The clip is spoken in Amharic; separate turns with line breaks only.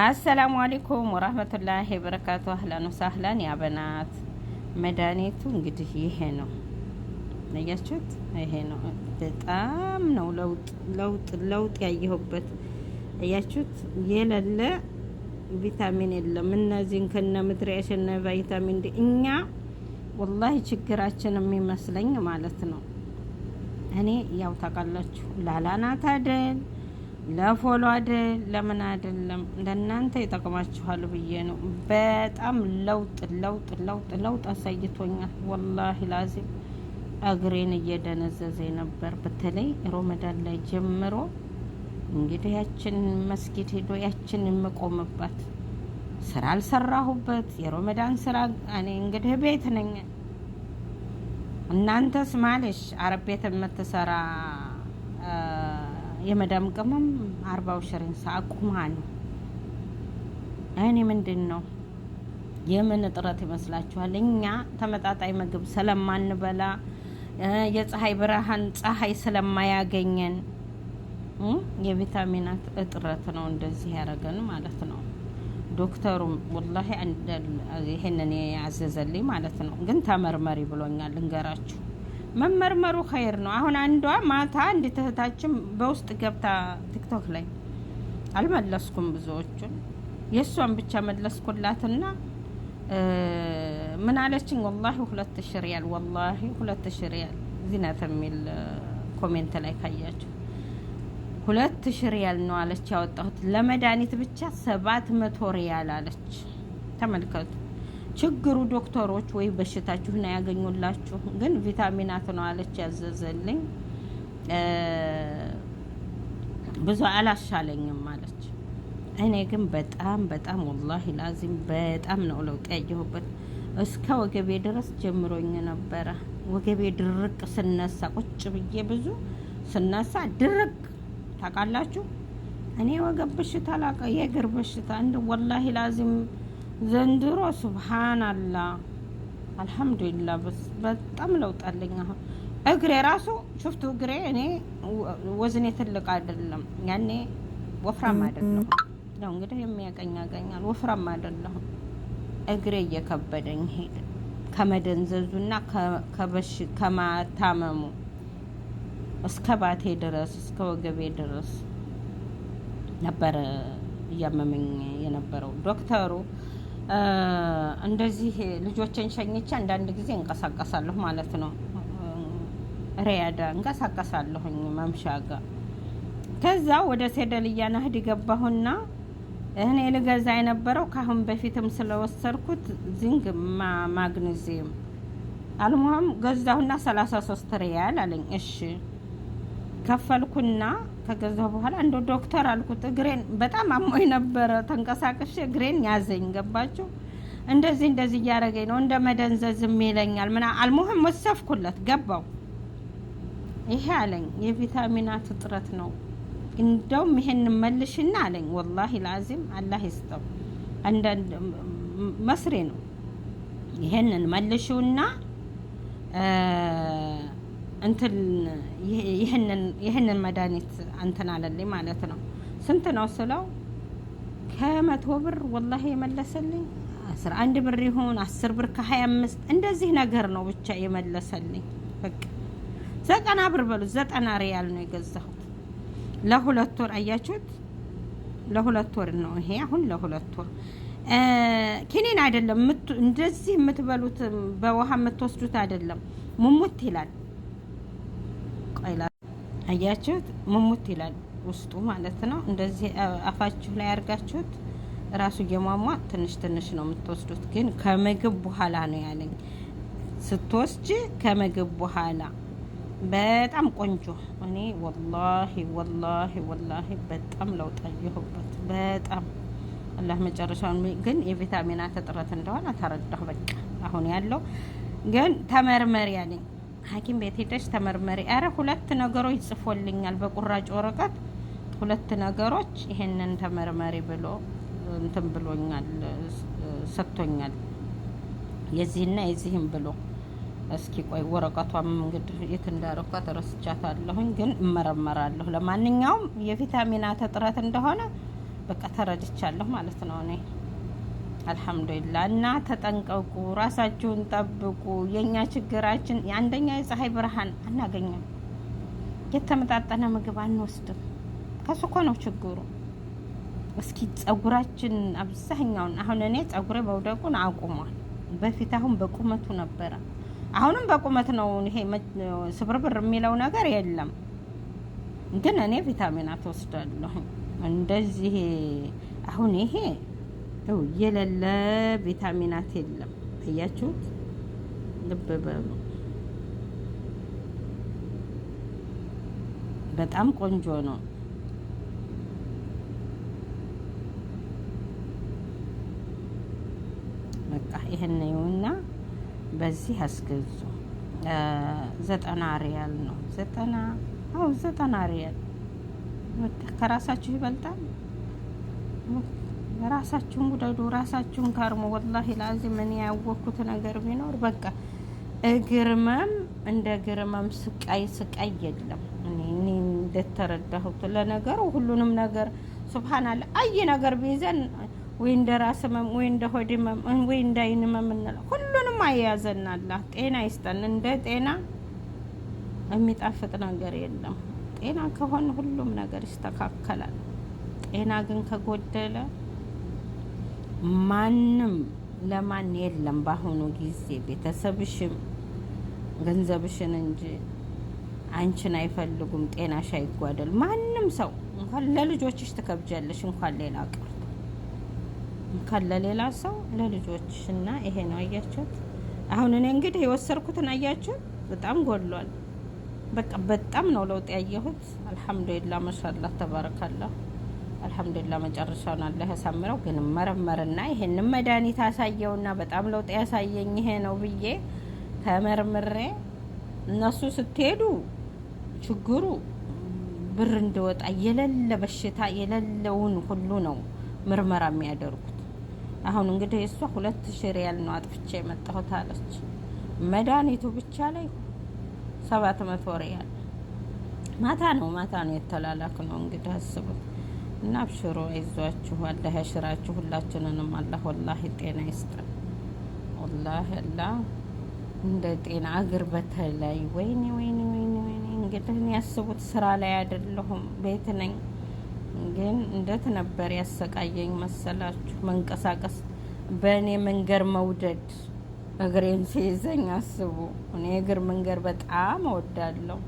አሰላሙ አሌይኩም ወራህመቱላሂ በረካቱ። አህላን ወሳህላን ያበናት መድኃኒቱ እንግዲህ ይሄ ነው። ነያችሁት? ይሄ ነው። በጣም ነው ለውጥ ለውጥ ለውጥ ያየሁበት። እያችሁት? የሌለ ቪታሚን የለም። እነዚህን ከነ ምድሪያሽ እነ ቫይታሚን ዲ እኛ ወላሂ ችግራችን የሚመስለኝ ማለት ነው። እኔ ያው ታውቃላችሁ ላላ አይደል ለፎሎ አይደል ለምን አይደለም ለእናንተ ይጠቅማችኋል ብዬ ነው። በጣም ለውጥ ለውጥ ለውጥ ለውጥ አሳይቶኛል። ወላሂ ላዚም እግሬን እየደነዘዘ ነበር። በተለይ ሮመዳን ላይ ጀምሮ እንግዲህ ያችን መስጊድ ሄዶ ያችን የምቆምበት ስራ አልሰራሁበት የሮመዳን ስራ እኔ እንግዲህ ቤት ነኝ። እናንተስ ማለሽ አረብ ቤት የምትሰራ የመዳም ቅመም አርባው ሽሬንሳ አቁማ ነው። እኔ ምንድን ነው የምን እጥረት ይመስላችኋል? እኛ ተመጣጣኝ ምግብ ስለማንበላ የፀሐይ ብርሃን ፀሐይ ስለማያገኘን የቪታሚናት እጥረት ነው እንደዚህ ያደረገን ማለት ነው። ዶክተሩም ወላሂ ይሄንን ያዘዘልኝ ማለት ነው። ግን ተመርመሪ ብሎኛል። ልንገራችሁ መመርመሩ ኸይር ነው። አሁን አንዷ ማታ እንዲት እህታችን በውስጥ ገብታ ቲክቶክ ላይ አልመለስኩም ብዙዎቹን የእሷን ብቻ መለስኩላትና ምን አለችኝ? ወላሂ ሁለት ሺህ ሪያል ወላሂ ሁለት ሺህ ሪያል ዚናት የሚል ኮሜንት ላይ ካያቸው ሁለት ሺህ ሪያል ነው አለች ያወጣሁት ለመድኃኒት ብቻ ሰባት መቶ ሪያል አለች። ተመልከቱ። ችግሩ ዶክተሮች ወይ በሽታችሁን ያገኙላችሁ ግን ቪታሚናት ነው አለች ያዘዘልኝ። ብዙ አላሻለኝም አለች። እኔ ግን በጣም በጣም ወላሂ ላዚም በጣም ነው ለውጥ ያየሁበት። እስከ ወገቤ ድረስ ጀምሮኝ ነበረ። ወገቤ ድርቅ ስነሳ ቁጭ ብዬ ብዙ ስነሳ ድርቅ ታውቃላችሁ። እኔ ወገብ በሽታ ላቀ የእግር በሽታ እንደ ወላሂ ላዚም ዘንድሮ ሱብሃናላ አልሐምዱሊላ በጣም ለውጥ አለኝ። አሁን እግሬ ራሱ ሽፍቱ እግሬ እኔ ወዝኔ ትልቅ አይደለም፣ ያኔ ወፍራም አይደለሁም። ያው እንግዲህ የሚያገኝ ያገኛል። ወፍራም አይደለሁም። እግሬ እየከበደኝ ሄደ ከመደንዘዙና ከበሽ ከማታመሙ እስከ ባቴ ድረስ እስከ ወገቤ ድረስ ነበረ እያመመኝ የነበረው ዶክተሩ እንደዚህ ልጆችን ሸኝቼ አንዳንድ ጊዜ እንቀሳቀሳለሁ ማለት ነው። ሪያዳ እንቀሳቀሳለሁኝ መምሻ ጋር። ከዛ ወደ ሴደልያ ናህድ ገባሁና እኔ ልገዛ የነበረው ካሁን በፊትም ስለወሰድኩት ዚንግ ማግኔዚየም አልሙሀም ገዛሁና ሰላሳ ሶስት ሪያል አለኝ። እሺ ከፈልኩና ከገዛ በኋላ እንደ ዶክተር አልኩት። እግሬን በጣም አሞኝ ነበረ። ተንቀሳቅሼ እግሬን ያዘኝ። ገባችሁ? እንደዚህ እንደዚህ እያደረገኝ ነው፣ እንደ መደንዘዝም ይለኛል። ምና አልሙህም ወሰፍኩለት፣ ገባው። ይሄ አለኝ የቪታሚናት እጥረት ነው። እንደውም ይሄን መልሽና አለኝ። ወላሂ ላዚም አላህ ይስጠው፣ አንዳንድ መስሬ ነው። ይሄንን መልሽውና እንትን ይህንን መድኃኒት እንትን አለልኝ ማለት ነው። ስንት ነው ስለው ከመቶ ብር ወላሂ የመለሰልኝ አስራ አንድ ብር ይሁን አስር ብር ከሀያ አምስት እንደዚህ ነገር ነው ብቻ የመለሰልኝ። በቃ ዘጠና ብር በሉት ዘጠና ሪያል ነው የገዛሁት ለሁለት ወር አያችሁት። ለሁለት ወር ነው ይሄ አሁን ለሁለት ወር ኪኒን አይደለም እንደዚህ የምትበሉት በውሃ የምትወስዱት አይደለም ሙሙት ይላል። ሞቅ አያችሁት? ሙሙት ይላል ውስጡ ማለት ነው። እንደዚህ አፋችሁ ላይ አድርጋችሁት ራሱ እየሟሟ ትንሽ ትንሽ ነው የምትወስዱት። ግን ከምግብ በኋላ ነው ያለኝ። ስትወስጅ ከምግብ በኋላ በጣም ቆንጆ። እኔ ወላሂ ወላሂ ወላሂ በጣም ለውጥ አየሁበት። በጣም አላህ መጨረሻውን ግን የቪታሚናት እጥረት እንደሆነ ተረዳሁ። በቃ አሁን ያለው ግን ተመርመሪ ያለኝ ሐኪም ቤት ሄደሽ ተመርመሪ። አረ ሁለት ነገሮች ጽፎልኛል በቁራጭ ወረቀት ሁለት ነገሮች ይሄንን ተመርመሪ ብሎ እንትን ብሎኛል ሰጥቶኛል። የዚህና የዚህም ብሎ እስኪ ቆይ ወረቀቷም እንግዲህ የት እንዳረኳት ረስቻታለሁኝ፣ ግን እመረመራለሁ። ለማንኛውም የቪታሚናት እጥረት እንደሆነ በቃ ተረድቻለሁ ማለት ነው እኔ አልሐምዱሊላህ እና ተጠንቀቁ፣ ራሳችሁን ጠብቁ። የእኛ ችግራችን አንደኛ የፀሐይ ብርሃን አናገኝም፣ የተመጣጠነ ምግብ አንወስድም። ከሱ እኮ ነው ችግሩ። እስኪ ጸጉራችን አብዛኛውን አሁን እኔ ጸጉሬ መውደቁን አቁሟል። በፊት አሁን በቁመቱ ነበረ፣ አሁንም በቁመት ነው። ይሄ ስብርብር የሚለው ነገር የለም። ግን እኔ ቪታሚን አትወስዳለሁ እንደዚህ አሁን ይሄ ው የሌለ ቪታሚናት የለም። አያችሁት? ልብ በሉ። በጣም ቆንጆ ነው። በቃ ይሄን ነውና በዚህ አስገዙ። ዘጠና ሪያል ነው። ዘጠና አው ዘጠና ሪያል ከራሳችሁ ይበልጣል። ራሳችሁን ጉዳዱ፣ ራሳችሁን ካርሙ። ወላሂ ለአዚም እኔ ያወቅኩት ነገር ቢኖር በቃ እግርመም እንደ ግርመም ስቃይ ስቃይ የለም። እኔ እንደተረዳሁት ለነገሩ ሁሉንም ነገር ሱብሃናላ አይ ነገር ቢይዘን ወይ እንደ ራስ ህመም ወይ እንደ ሆድ ህመም ወይ እንደ አይን ህመም እንለው ሁሉንም አያዘናላ። ጤና ይስጠን። እንደ ጤና የሚጣፍጥ ነገር የለም። ጤና ከሆነ ሁሉም ነገር ይስተካከላል። ጤና ግን ከጎደለ ማንም ለማን የለም። በአሁኑ ጊዜ ቤተሰብሽም ገንዘብሽን እንጂ አንቺን አይፈልጉም። ጤናሽ አይጓደል። ማንም ሰው እንኳን ለልጆችሽ ትከብጃለሽ፣ እንኳን ሌላ ቀርቶ እንኳን ለሌላ ሰው ለልጆችሽና ይሄ ነው። አያችሁት? አሁን እኔ እንግዲህ የወሰድኩትን አያችሁት? በጣም ጎሏል በቃ በጣም ነው ለውጥ ያየሁት። አልሐምዱሊላህ ማሻአላህ፣ ተባረካላሁ። አልሐምዱሊላ መጨረሻውን አላህ ያሳምረው። ግን መረመርና ይሄንን መድኃኒት አሳየውና በጣም ለውጥ ያሳየኝ ይሄ ነው ብዬ ተመርምሬ እነሱ ስትሄዱ ችግሩ ብር እንደወጣ የሌለ በሽታ የሌለውን ሁሉ ነው ምርመራ የሚያደርጉት። አሁን እንግዲህ እሷ ሁለት ሺ ሪያል ነው አጥፍቼ የመጣሁት አለች። መድኃኒቱ ብቻ ላይ ሰባት መቶ ሪያል ማታ ነው ማታ ነው የተላላክ ነው እንግዲህ አስቡት። እና አብሽሮ ይዟችሁ አላህ ያሽራችሁ ሁላችንንም። አላህ ወላሂ ጤና ይስጥን። ወላሂ አላህ እንደ ጤና እግር በተለይ ወይኔ ወይኔ ወይኔ ወይኔ። እንግዲህ ያስቡት ስራ ላይ አይደለሁም ቤት ነኝ። ግን እንደት ነበር ያሰቃየኝ መሰላችሁ? መንቀሳቀስ በእኔ መንገድ መውደድ እግሬን ሲይዘኝ አስቡ። እኔ እግር መንገድ በጣም እወዳለሁ።